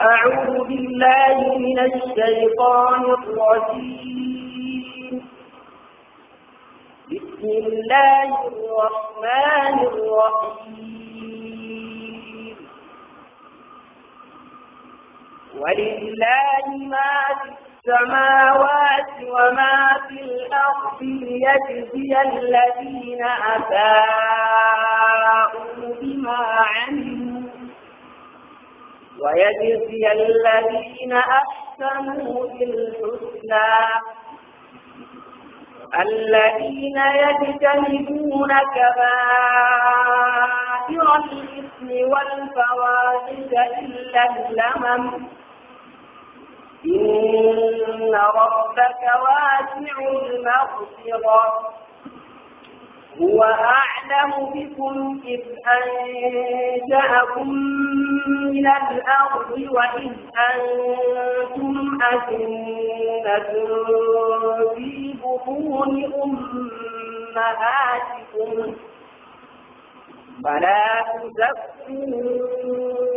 أعوذ بالله من الشيطان الرجيم بسم الله الرحمن الرحيم ولله ما في السماوات وما في الأرض ليجزي الذين أساءوا بما عملوا ويجزي الذين أحسنوا بالحسنى الذين يجتنبون كبائر الإثم والفواحش إلا اللمم إن ربك واسع المغفرة هو أعلم بكم إذ أنشأكم من الأرض وإذ أنتم أسنة في بطون أمهاتكم فلا تزكوا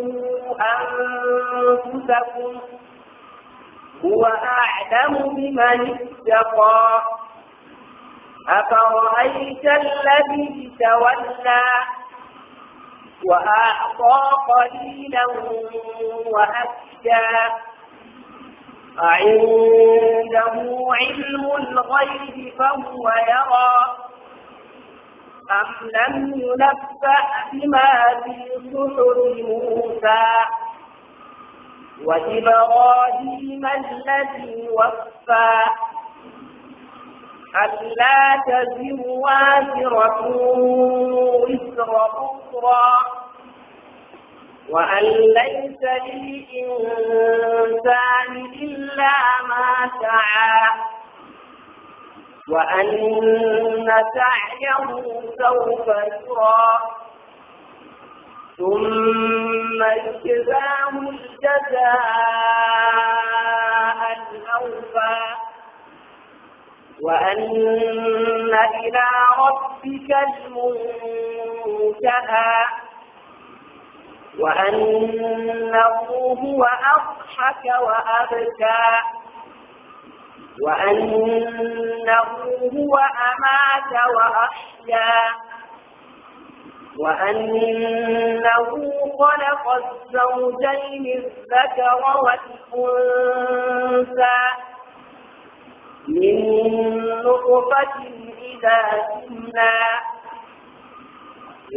أنفسكم هو أعلم بمن اتقى أفرأيت الذي تولى وأعطى قليلا وأكدا أعنده علم الغيب فهو يرى أم لم ينبأ بما في صدر موسى وإبراهيم الذي وفى ألا تزر وازرة وزر أخرى وأن ليس للإنسان إلا ما سعى وأن سعيه سوف يرى ثم اجزاه الجزاء الأوفى وأن إلى ربك المنتهى وأنه هو أضحك وأبكى وأنه هو أمات وأحيا وأنه خلق الزوجين الذكر والأنثى نطفة إذا كنا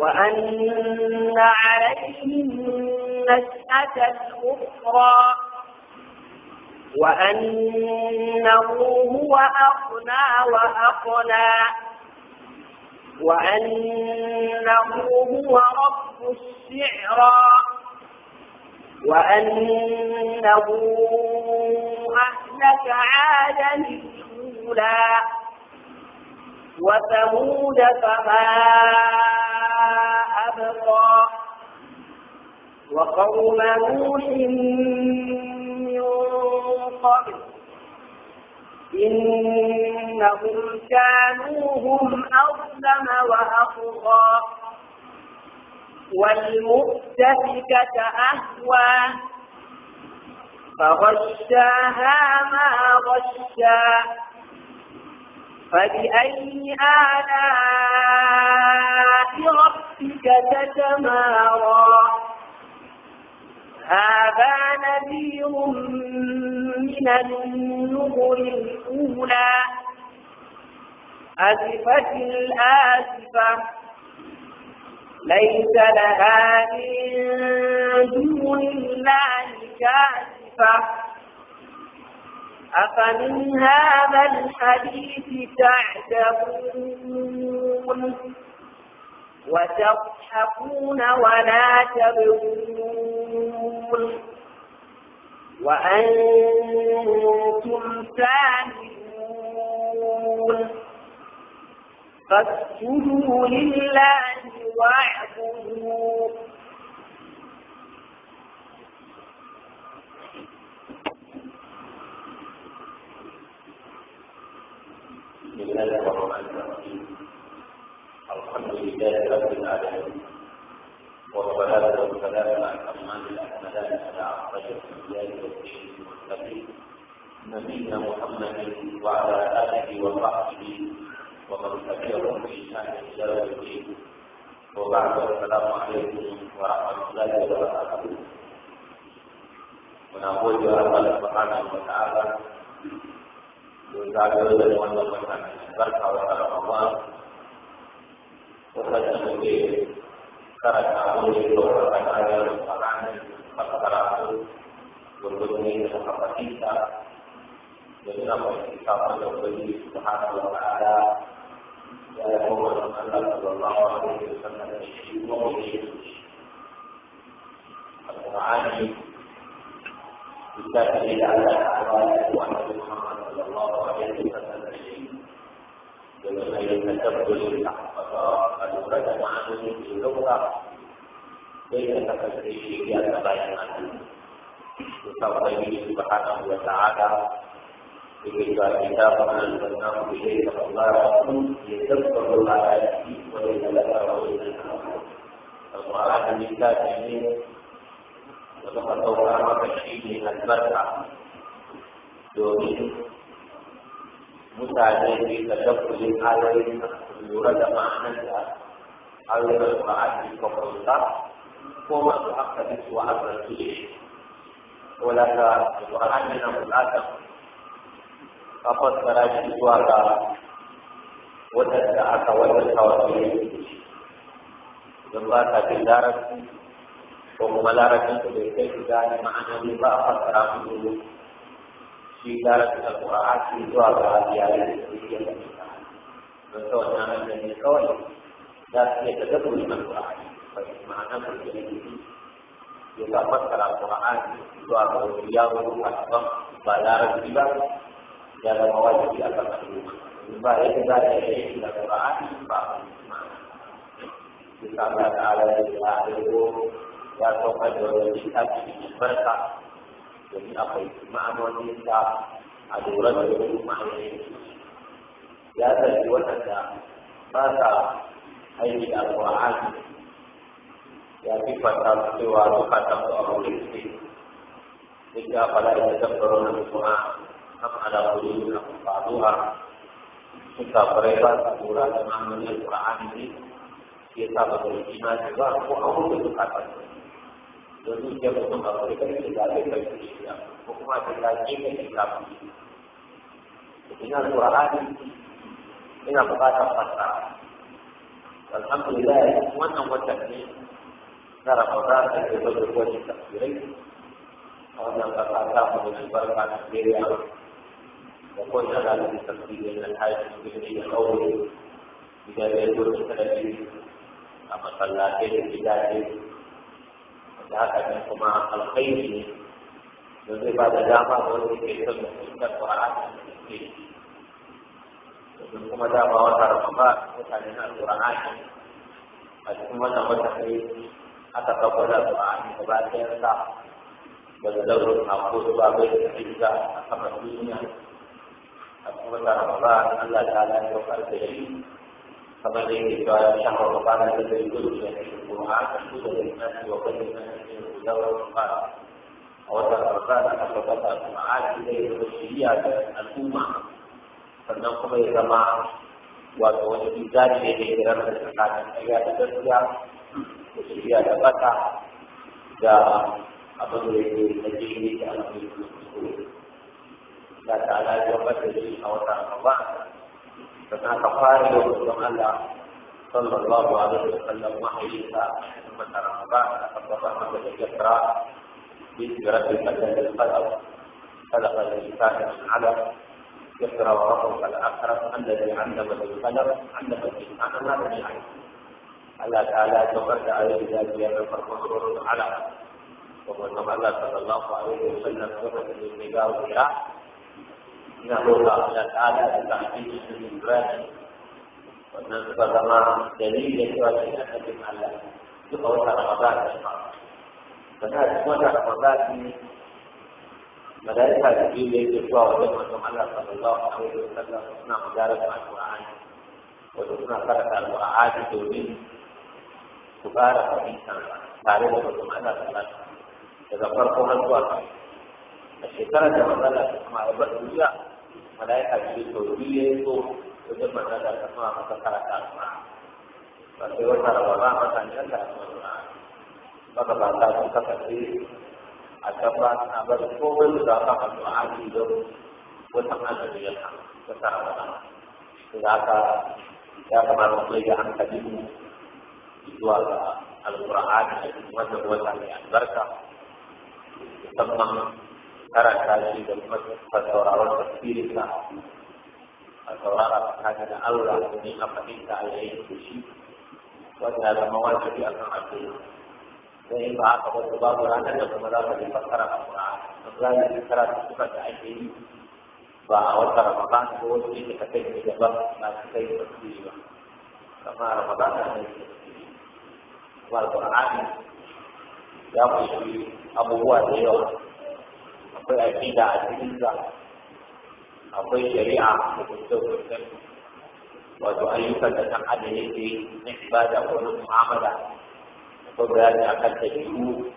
وأن عليه النشأة الأخرى وأنه هو أغنى وأقنى وأنه هو رب الشعرى وأنه أهلك عادا الأولى وثمود فما أبقى وقوم نوح من قبل إنهم كانوا هم أظلم وأطغى والمؤتفكة أهوى فغشاها ما غشى فبأي آلاء ربك تتمارى هذا نذير من النذر الأولى أزفت الآسفة ليس لها من دون الله كاشفة أفمن هذا الحديث تعجبون وتضحكون ولا تبغون وأنتم سامعون فاسجدوا لله واعبدوا الله الرحمن الرحيم الحمد لله رب العالمين والصلاة والسلام على الأتمان الأكملان على أخرج الأنبياء والسيد والسبيل نبينا محمد وعلى آله وصحبه ومن تبعهم في إلى يوم الدين وبعد السلام عليكم ورحمة الله وبركاته ونقول يا رب سبحانه وتعالى Bergaduh dengan melakukan kamu itu orang Jadi kita Ya Allah, Allah, لا دليل على أحوال محمد صلى الله عليه وسلم بغير تبدل الأحقاب قد ورد عنه في اللغة بين تفسيره يتبين عنه بفضله سبحانه وتعالى بكتاب كتابنا انزلناه اليك مباركا لتذكروا الايات وليتذكروا اولي الالباب القران من كتاب da muka sauka maka shi ne albarka domin mutane ne ka dabbule ayoyin lura da ma'anar da ayoyin ma'anar ka kwanta ko masu haka da su a wa'azarci da shi wala ka Qur'an yana mulata, ka fassara shi zuwa ga wadanda aka wadanda kawai ne don ba ta jin larabci ومبالغة تدريسية كان معنا لما أفكر في في دارة القرآن في دعاء الرياضيات التي فسوتنا من النسوي لا يتدبر من القرآن فمعنى الكلمة juga fakar Al-Quran itu adalah beliau atau balar juga dalam wajib akan dari Al-Quran, Pak Kita berada di jatuh ke dalam kitab Jadi apa itu? Ma'amul kitab aduran dari rumah ini. Ya tujuan ada masa ayat Al-Quran. Jadi kata suatu kata orang ini. Jika pada dasar corona semua nak ada bulu nak paduha. Kita berebat aduran Al-Quran ini. Kita beriman juga. Aku aku kata. domin ya ba kuma kare kare da zaɓe kai su shiga ko kuma ta zaɓe kai da kafin ina zuwa hali ina wannan watan ne na ramadan da ke bada wani tafsirai a wannan ƙasa ta mu da shi barka da Najeriya da ko ina da wani tafsiri na alhaji da ya kawo gidan rediyo da talabijin a masallatai da gidaje da haka ne kuma alkhairi ne da zai ba da dama ga wanda ke son mutuntar Qur'ani da ke domin kuma dama wata Ramadan mutane na Qur'ani a cikin wannan wata ne aka kafa da Qur'ani gaba ɗayan sa daga daurin ko su ba bai da a kamar duniya a cikin wata Ramadan Allah ta ya karɓe shi فمن يجعل شهر رمضان الذي يدل به القران فشهد للناس وكل الناس يقول رمضان وذا رمضان فقد معاد اليه المسؤوليه الامه sannan kuma ya zama wato wani bizari ne da ya rana da tsakanin ƙarya da gaskiya da shirya da bata da abin da yake na jini da alamun da ta ala ya bata shi a wata ramadan فتتقارب وتتخلى صلى الله عليه وسلم وحييك ثم ترى بعد رمضان لقد رحمك في سيره المسجد القدر خلق الإنسان من علم يسر وربك الأكرم الذي علم بالقدر علم الإنسان ما لم يعلم الله تعالى تقرد عليه ذلك يوم فالمسرور على ومن الله صلى الله عليه وسلم وقد من إلى انه تعالى تعالى بتحقيق الانسان ونسبة مع دليل جواز الأحد على يقوى رغبات الشخص فذلك مدى رغبات ملائكة جبريل يسوع وجنة محمد صلى الله عليه وسلم تصنع مدارسة على القرآن وتصنع خلق القرآن دونين تبارك الإنسان تعرف محمد صلى الله عليه وسلم تذكركم القرآن الشيطان كما قال الله malaika jibril to duk ya so wajen manzon Allah ta sama masa karanta ma ba sai wata raba ba masa ne kan karanta ma maka ba ta sun kasance a kan ba suna bar komai da za ka masu aji don wata ya kan wata raba ba da haka ya kamata mu da hankali mu zuwa ga alƙur'ani wannan wata mai albarka musamman karanta shi da kuma sauraron tafsirinsa a saurara tsakanin da Allah ne a fahimta a yayin da shi wanda ya zama wajibi a kan al'umma sai in ba haka ba babu ranar da kuma za ka yi fassara a Qur'ani don za ka yi karatu suka da ake yi ba a wata Ramadan ko wasu ne ka kai ne gaba na ka kai ba kamar Ramadan ne tafsiri wa Qur'ani ya kunshi abubuwa da akwai aƙida a cikinsa akwai shari'a da kusurkusun wato ayyukan da kan adam yake na ibada ko na mu'amala akwai bayani a kan tabi'u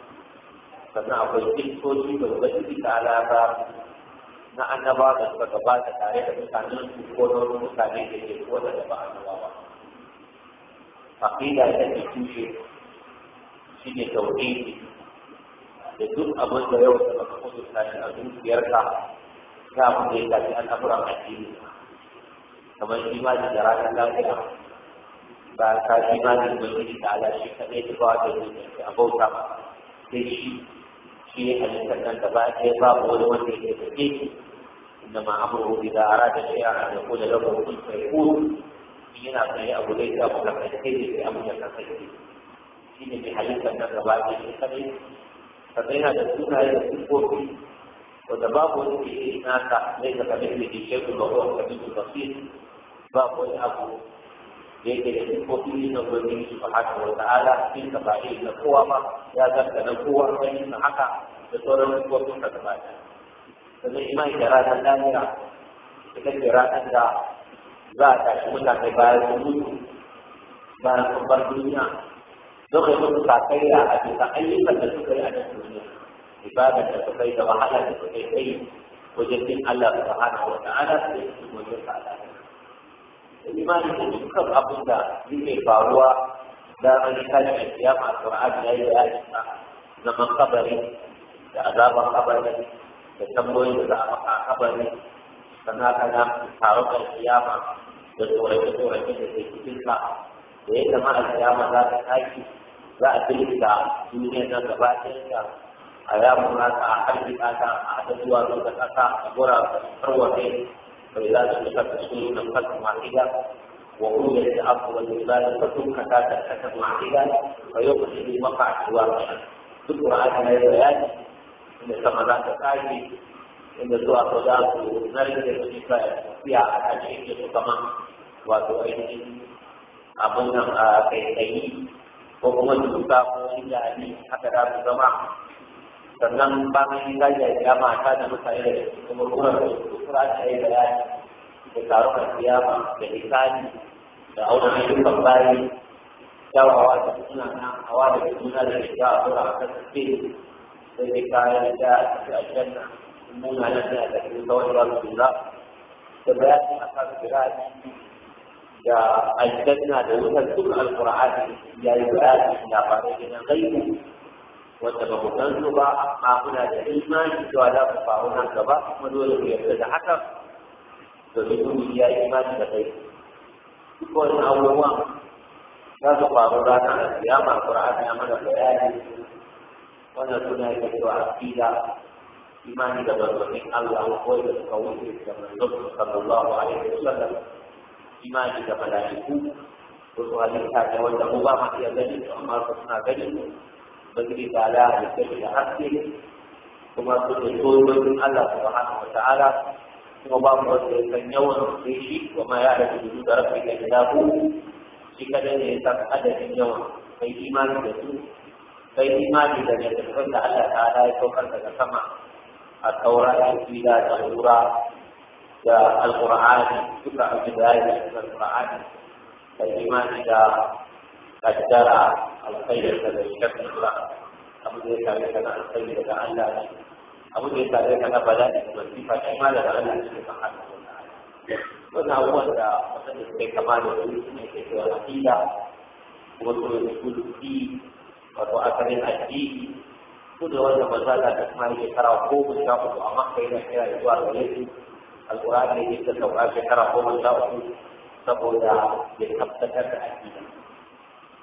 sannan akwai kristoci da ubangiji ta alaba na annaba da suka gabata tare da mutanen su ko na mutane da ke kowane da ba annaba ba aƙida ta ke tushe shi ne da duk abin da yau da ka kusurta shi a zuciyarka ta abin da ya tafi a addini kamar imani da ranar lafiya ba ka imani da wani da ala shi kaɗai ta ba da zuciyarka a bauta sai shi shi ya halittar nan da ba ɗaya babu wani wanda ya ke tafi shi إنما أمره إذا أراد شيئا أن da له كن فيكون yana tsaye abu zai ta mu kafa kai da abu ya kafa shi ne mai halittar na gaba da ta kadai kaga yana da sunaye da ko da babu wani ke yi ta, ne ka kamar da ke shekul ba ko kamar da basir babu wani abu da yake da ne na gwamnati subhanahu wa ta'ala cikin ka ba yi na kowa ba ya zarta na kowa yi na haka da sauran sifofin ka gaba ɗaya ta. imani da ranar lahira ita ce ranar da za a tashi mutane bayan su mutu bayan sun duniya suka yi musu sakayya a bisa ayyukan da suka yi a nan duniya ibadar da suka yi da wahala da suka yi kai wajen bin Allah subhanahu wa ta'ala da su wajen sa Allah imani da dukkan abin da yake faruwa da an tashi kiyama Qur'ani yayi da ayyuka zaman kabari da azaban kabari da tambayoyin da za a maka kabari sannan tarukan kiyama da tsorace-tsorace da ke cikin ka da yadda ma za ta za a filista duniya ta gaba ɗaya a yamun nasa a harbi nasa a haɗa zuwa zuwa ƙasa a gura tarwace bai za su fitar da su da fasin wahida wa kuma da abu wani za su fasin kasa da kasar wahida a yau ku shi maka a cewa duk ra'ayi na bayani inda sama za ta tsari inda zuwa ko za su zarge da su ka tafiya a kan shi da su kama wato ainihin abin nan a kai ko kuma duka ko inda ne haka da su zama sannan bayan gajiya ya mata da mutane da kuma kuma da kuma ta yi bayani da tarukan siyama da hisani da auna dukkan bayi kyawawa da suna nan hawa da suna da shiga a kura a kan suke sai dai kayan da a cikin aljanna mun halin da a cikin kawai ba su da da bayanin a kan da aljanna da wutar duk alqur'ani ya yi bayani labarai ne na gaibu wanda ba ku san su ba amma kuna da imani cewa za ku faru nan gaba kuma dole ku yarda da haka domin kun ya yi imani da kai duk wani abubuwan za su faru ranar alkiyama alqur'ani ya mana bayani wannan suna yi da cewa aqida imani da barbarin Allah ko da suka wuce da manzon sallallahu alaihi wasallam imani ga malaiku wasu ta ne wanda mu ba ma iya gani amma su suna gani ubangiji ta ala halitta da haske kuma su ne tsoron Allah subhanahu wa ta'ala kuma ba mu wasu kan yawan su shi kuma ya rabu da zarafi da ku, shi kada ne ya san adadin yawan kai imani da su kai imani da ne da Allah ta ala ya saukar daga sama a taura da da lura da alƙur'ani duka abin da ya yi da alƙur'ani da imani da kaddara alkhairi da shafin Allah abu da ya tare ka na alkhairi daga Allah ne abu da ya tare ka na bala'i da masifa shi ma daga Allah ne ba haka wani abubuwan da waɗanda suka yi kama da su ne ke cewa aƙida kuma su ne kulki wato asalin addini ko da wannan ba za ta kuma yi kara ko mu sha uku amma kai na kira zuwa gare su alƙur'ani ne ta sauka shekara goma sha uku saboda ya tabbatar da aƙida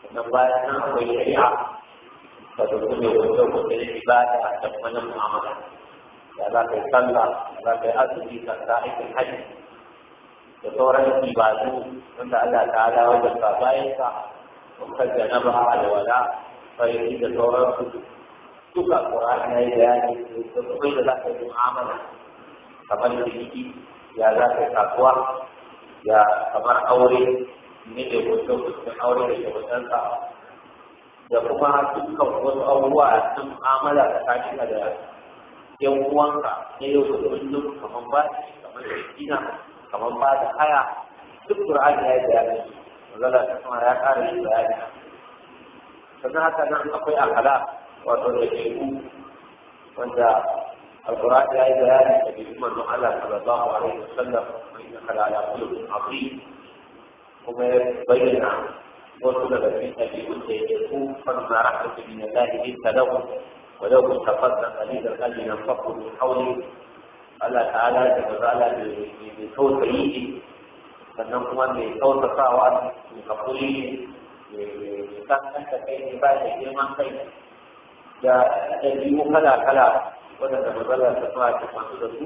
sannan bayan nan akwai shari'a ta zuku ne wajen wajen ibada a can wani mu'amala da za ka yi sallah da za ka yi azumi da za ka yi hajji da sauran ibadu wanda Allah ta'ala wajen ba bayan sa wakar da na ba alwala sai da sauransu duka ƙur'ani na yi bayani da kuma da za ka yi mu'amala kamar ciniki ya za ka kasuwa ya kamar aure ne da wajen wajen aure da shagudansa da kuma dukkan wasu abubuwa cikin amala da shiga da yan uwanka na yau da kullum kamar ba kamar shekina kamar ba da haya duk Qur'ani ya yi bayani zalla ta kuma ya ƙara shi bayani sannan haka nan akwai akala wato da wanda القرآن لا إله إلا النبي محمد صلى الله عليه وسلم وإنك لعلى قلوب عظيم وما بين وطلب في أبي أنت يكون فما رحمة من الله إلا له ولو كنت فضلا قليل القلب ينفض من حوله Allah تعالى بصوت ba بصوت mai tausayi ne بصوت kuma mai tausasawa mai hakuri ne mai kankanta kai ne ba waɗanda mazala ta fara ta fasu da su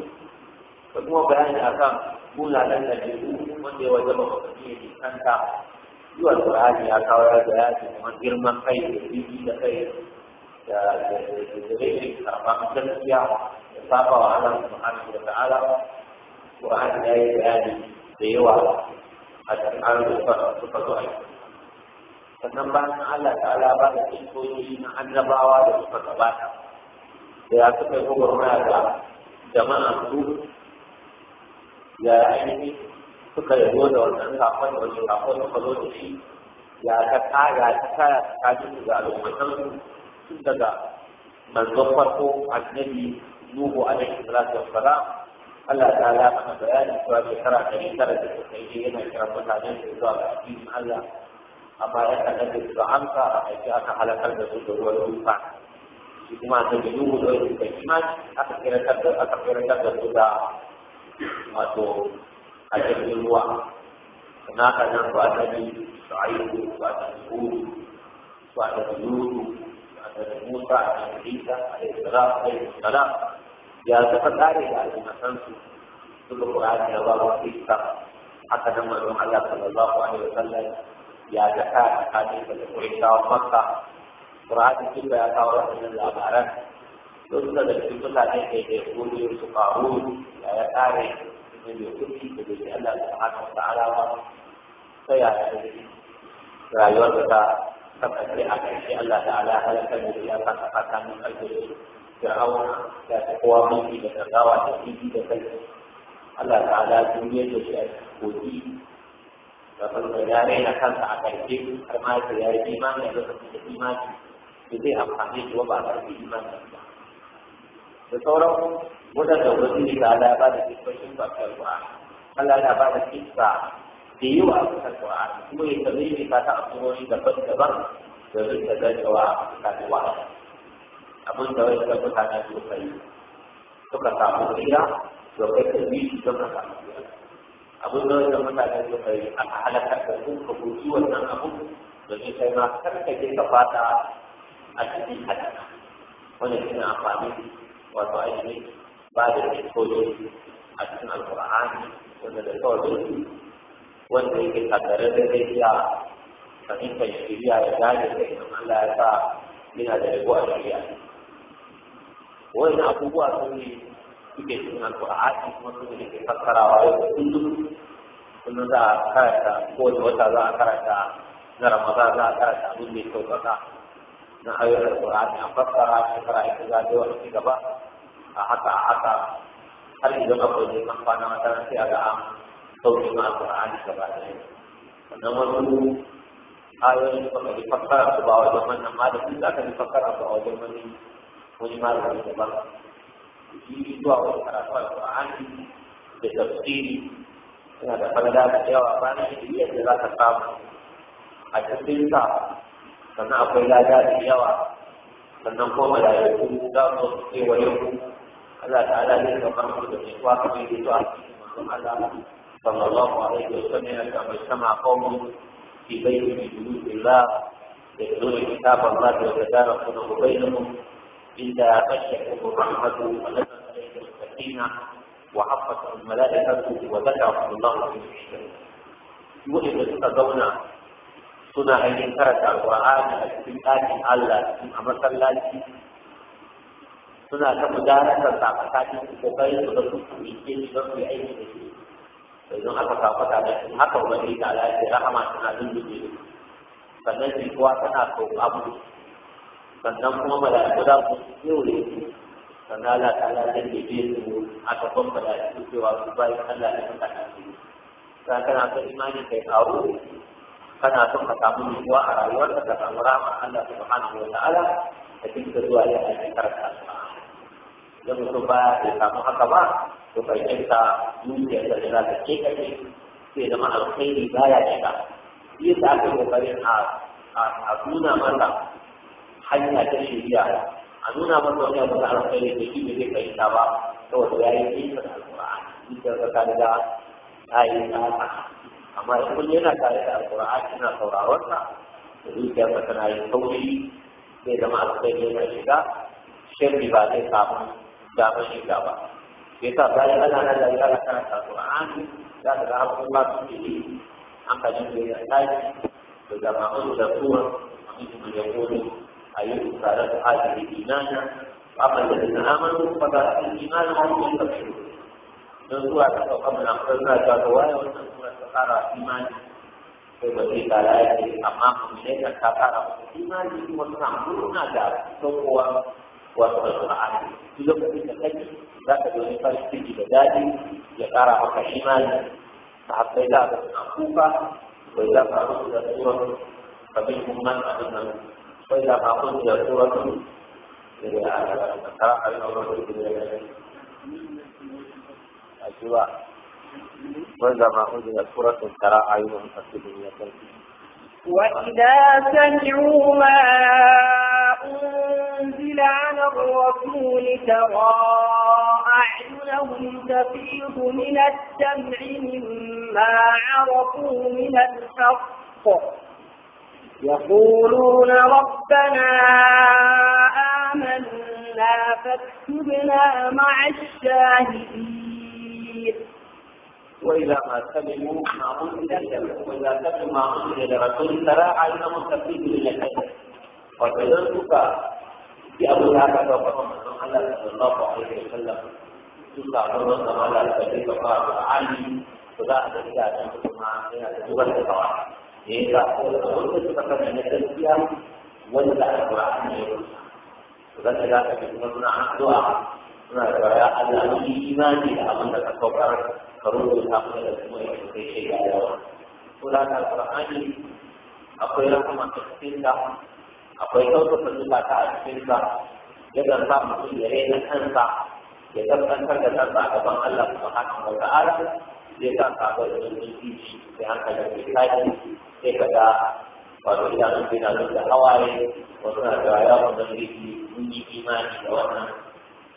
ka kuma bayani a kan ɗan da ke su wanda ya wajen mafafaki ya nisanta zuwa alƙur'ani ya kawo ya bayani kuma girman kai da biki da kai da da da da da da da da da da da da ya yi bayani da yawa a tsakanin suka zo aiki sannan bayan Allah ta'ala ba da tsokoki na annabawa da suka gabata da ya suka yi gwamna da jama'a su ya ainihi suka zo da wannan kafin da wani kafin suka zo da shi ya ta kaya ta kaya ta kajin da al'ummatan tun daga manzon farko annabi nuhu alaihi salatu wassalam Allah ta ala mana bayani cewa shekara ɗari tara da suka yi yana kiran mutanen da zuwa ga addinin Allah amma ya kaɗan da su amsa a aiki aka halakar da su da ruwan rufa shi kuma annabi nuhu da wani kai imani aka kirantar da aka kirantar da su da wato a jirgin ruwa na ka nan su annabi ta su annabi hudu su annabi lutu su annabi musa annabi isa alaihi salam alaihi salam ya tafa tsare da almasansu suka ƙura'ani da babu isa haka nan manzon Allah sallallahu alaihi wasallam ya ga ta tsakanin da Quraishawa Makka Kur'ani kila eh, eh, eh, ya kawo waɗannan labaran don suna da cikin mutane da ke kodi su faru da ya tsare da mai kuɗi da bai Allah da haka da alama ta yaya rayuwar da ta kasance a ƙarshe Allah da ala halakar da ya kasa tsakanin ƙarfi da hawa da ta kowa mulki da gaggawa da fili da kai Allah ta ala duniyar da shi a kodi da farko ya raina kansa a ƙarshe har ma ya da zai amfani shi ba a iman da sauran waɗanda wasu ne ba da ba da kisoshin bakar ba Allah na ba da kisa da yi wa kusa ba kuma ta asurori daban-daban da zai ta zartawa a kasuwa abin da wani kan mutane suka yi suka samu tsira to kai ka shi don ka samu tsira abin da wani kan mutane suka yi aka halakar da su ka guji wannan abin domin kai ma kar ka je fata a cikin haka wanda suna amfani wato ainihin ba da rikicoji a cikin alkur'ani wanda da kawai wanda yake tattare da zai iya fahimtar shirya da gane da idan Allah ya sa yana da rago a shirya wannan abubuwa sun yi suke cikin alkur'ani kuma sun ne ke fassarawa yau kullum za a karanta kowane wata za a karanta na ramadan za a karanta abin mai sauƙaƙa na ayo ayoyin alkur'ani an fassara shi fara ita za ta wani ci gaba a haka a haka har idan akwai kan fana wata sai a ga an sauki ma alkur'ani gaba da yau sannan wasu ayo ba ka ji fassara su ba wajen wannan malami za ka ji fassara su a wajen wani wani malami daban shi zuwa wani karatu alkur'ani da tafsiri suna da falada da yawa ba bayan da yadda za ka samu a cikin sa sannan akwai lada da yawa sannan ko mala'iku za su ce wa yau Allah ta'ala ne ka bar mu da kuwa kamar yadda to a cikin Allah sallallahu alaihi wa sallam ya ta mai sama qawmun fi bayti bi dunillah يتلون كتاب الله وتدارسونه بينهم إلا غشيتهم الرحمة ونزلت عليهم السكينة وحفت الملائكة وذكرهم الله في من يشتهي. يوجد سكة suna ainihin karanta alƙur'ani a cikin ɗakin Allah a masallaci suna ta mudaratar sakakakin su kai, su da su su rike shi don su yi aiki da Sai don haka sakata da shi haka wani da alaƙi rahama tana lullube da sannan jikuwa tana sauka abu. sannan kuma mala'iku za su kewaye su sannan Allah ta ala zai bebe su a gaban mala'iku cewa su bayan Allah ne mutane su. Sa kana son imanin kai kawo kana son ka samu nutsuwa a rayuwarka ka samu rama, Allah subhanahu wa ta'ala da dinka zuwa ya aiki karanta. idan mutum baya bai samu haka ba to karkinsa zuciyar da za ta ke kake sai zama alkhairi baya shiga shi yasa aka kokarin a a nuna masa hanya ta shirya a nuna masa wani abu da alkhairi da shi bai kai ta ba saboda yayi nisa da alqur'ani nisa da kaga ta yi ta amma in kun yana tare da alqur'ani na sauraron sa zuciya ba tana yin tauri zai zama alkhairi yana shiga sharri ba zai ka ba da ba shi ba sai ta ba ana nan da yara kana alqur'ani da ka ga abubuwa su ke yi hankalin da ya to da ma an da kuwa mutum ya kodo a yi tare da hajjari ba ba da na amanu ba da imanu a cikin tafsirin don zuwa ta ɗauka munafukan za ta ga waye wannan sura ta fara imani sai ba zai kara ya amma amma mummune kan ta fara musu imani kuma suna murna da saukowa wato da Qur'ani duk kuma da kai za ka ji ne farin ciki da daɗi ya ƙara maka imani sahabbai da aka suna kuka wai za ka rusu da kabin abin nan za ka da da ya ƙara da الجواء وعندما أنزلت سورة ترى أعينهم تكتب وإذا سمعوا ما أنزل على الرسول ترى أعينهم تفيض من الدمع مما عرفوا من الحق يقولون ربنا آمنا فاكتبنا مع الشاهدين كثير واذا ما سلموا ما انزل لهم واذا سلموا ما انزل لرسول ترى عينهم تفيد من الحزن وكذلك في ابو ذر وقام الله صلى الله عليه وسلم تصلى حرمه على الكبير وقال علي فلا ادري ان تسمع الى جبل إذا قلت فقد نزلت ولا القرآن يقول فإذا كنت تسمعنا عن suna da a Allah ni imani da abin da ka saukar ka ta mu da kuma ya kai shi da yawa ko da ka Qur'ani akwai rahama ta cikin da akwai da zuba ta a cikin sa yakan sa mutum ya rena kansa ya tabbatar da kansa a gaban Allah subhanahu wa ta'ala zai za ka ga wani shi sai hankali da tashi sai ka ga wato idanun bina da hawaye wasu na da rayuwa wannan riki yi imani da wannan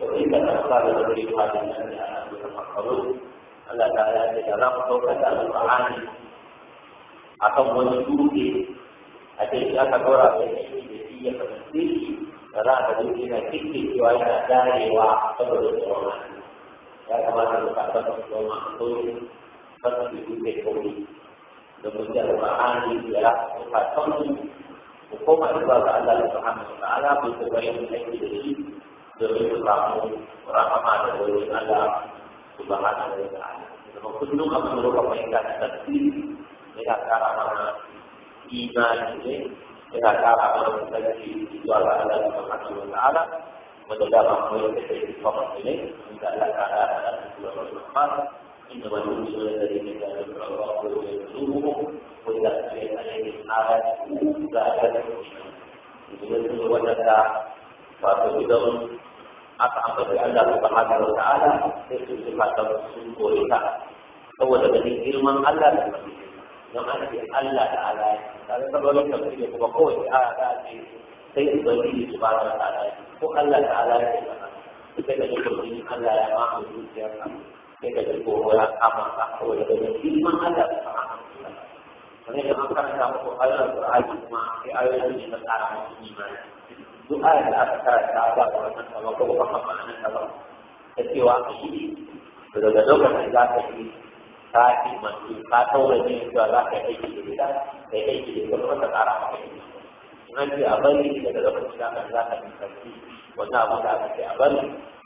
وإذا أخذ تدريب هذه الأشياء يتفكرون Allah ta ya ce da za ku ɗaukar da alƙur'ani a kan wani a ce da shi da yana kike saboda tsoron ya kamata da fatan tsoron alƙur'ani da yi Jadi kamu merasa ada cara mana iman ini, cara mana Menjaga ini, cara Jadi itu kita aka ambaci Allah subhanahu wa ta'ala sai su sifata sun kore ta saboda ganin girman Allah da don ana ce Allah da ala tare da wani tafsir da kuma kowace a ta ce sai subhanahu wa ta'ala ko Allah da ala ya ce sai Allah ya mamu zuciyarka sai da tsoro ya kama ka saboda Allah subhanahu ala, ta'ala da an karanta muku ayoyin Qur'ani kuma sai ayoyin da imani duk da aka karanta ba ka wannan ba ko ba ka ma'anar ta ba ta cewa a yi to daga lokacin za ka yi ka yi mantu ka taura ne cewa za ka yi aiki da gida ka yi aiki da gida kuma ka tsara maka yi nan ce a bari daga lokacin da za ka yi sarki wannan abu da aka ce a bari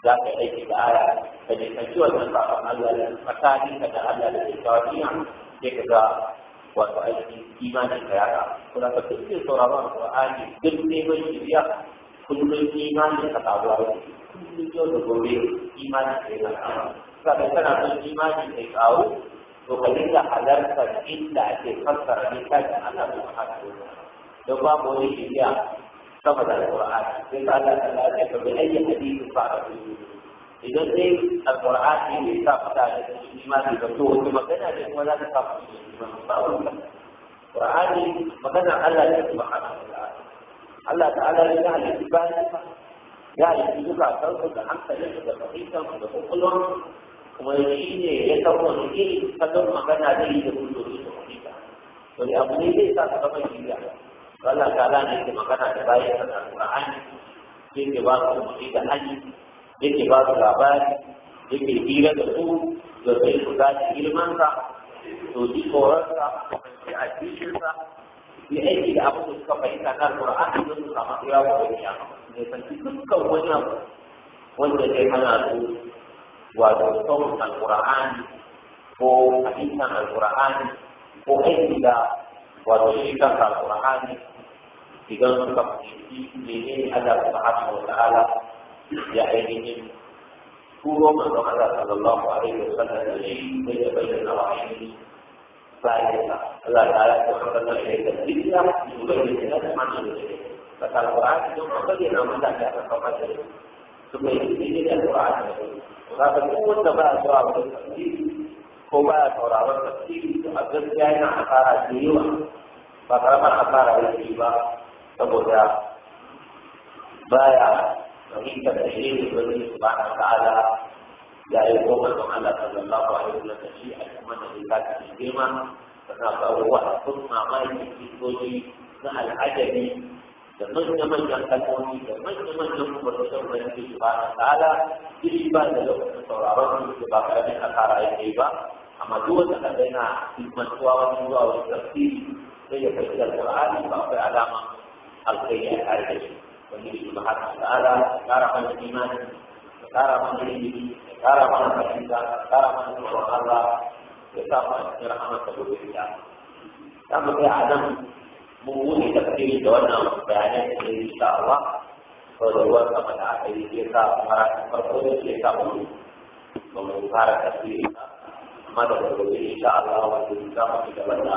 za ka aiki da aya ka ne kan ciwon nan ba ka Allah da tsakanin ka da Allah da ke kawai ke ka ga wato aiki imanin ka ya ka kuma ka duk zai sauraron Qur'ani duk neman shiriya kullum imanin ka ta zuwa kullum yau da gobe imanin ka yana karuwa saboda kana son imanin ka karu to ka dinga halarta inda ake fassara ne littafin Allah subhanahu wa ta'ala don babu wani shiriya sama da Qur'ani sai ka Allah ta lafiya ka bi ayyi hadisi fa'a idan dai alƙur'ani ne sa da su ma zato wata magana kuma za ta sa magana Allah ne ta'ala Allah ya halitta bayan sa ya halitta duka kan da hankalin da fahimtar da kokolon kuma shi ne ya magana yi da kullum da fahimta abu ne zai sa ka zama Allah ne ke magana da bayan sa da sai ke ba da yake ba su labari yake hira da su da sai su gane ilmansa to ji tsoronsa su fahimci addininsa su yi aiki da abin da suka ta na Qur'ani don su samu tsira wa duniya ne fanci dukkan wani abu wanda zai hana su wato son Al-Qur'ani ko fahimtar Al-Qur'ani ko aiki da wato shi kanka al idan suka fahimci menene Allah subhanahu wa ta'ala ya turo ba ba saboda baya fahimtar dalilin wani subhanahu wa ta'ala ya yi goma don Allah sallallahu alaihi wa sallam shi a kuma da zai zaka shi girma sana kawo wa sun mamaki kisoji na al'ajabi da manya-manyan kalmomi da manya ya umarnin da ke subhanahu wa ta'ala shi ba da lokacin sauraron su ba karamin asara yake ba amma duk wanda ka daina ilmantuwa wani zuwa wani ya ba akwai alama alƙairi a ubangiji subhanahu wa ta'ala ya kara mana imani ya kara mana ilimi ya ya Allah ya sa mu a cikin rahamarsa gobe gida za mu kai a nan mun wuce da wannan bayanan da zai insha Allah saboda ruwan sama da aka yi ke sa mara farko da ke sa ba Allah wanda za mu ci gaba da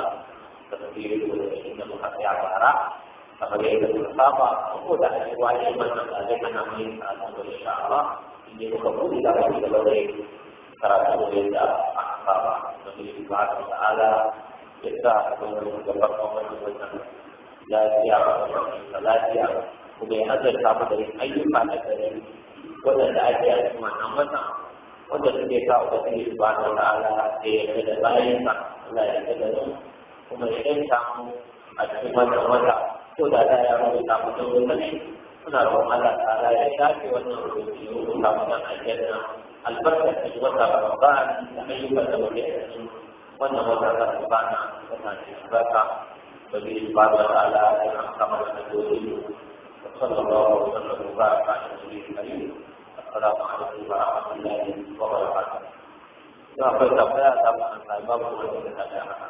tafsiri da bara kamar yadda suka saba ko da wani wannan inda buɗe da karatu da yadda aka saba yi ba ta'ala ya sa a kan wani gabar wannan wannan lafiya da lafiya kuma ya nazarta mu da ayyuka da gare waɗanda ake yi a wannan wanda suke sa ta'ala da ya da Allah ya da kuma ya mu a cikin wannan wata ko da da ya rubuta mutum lokaci suna roƙon Allah ta'ala ya shafe wannan rubutu ya rubuta mutum aljanna ta wata Ramadan da ayyukan da muke a cikin wannan wata Ramadana ta ta albarka bagi ibadah ta'ala yang sama dengan dulu وصلى الله وسلم وبارك على النبي الكريم السلام عليكم ورحمه الله وبركاته. Ya, ta ta ta ta ta ta ta ta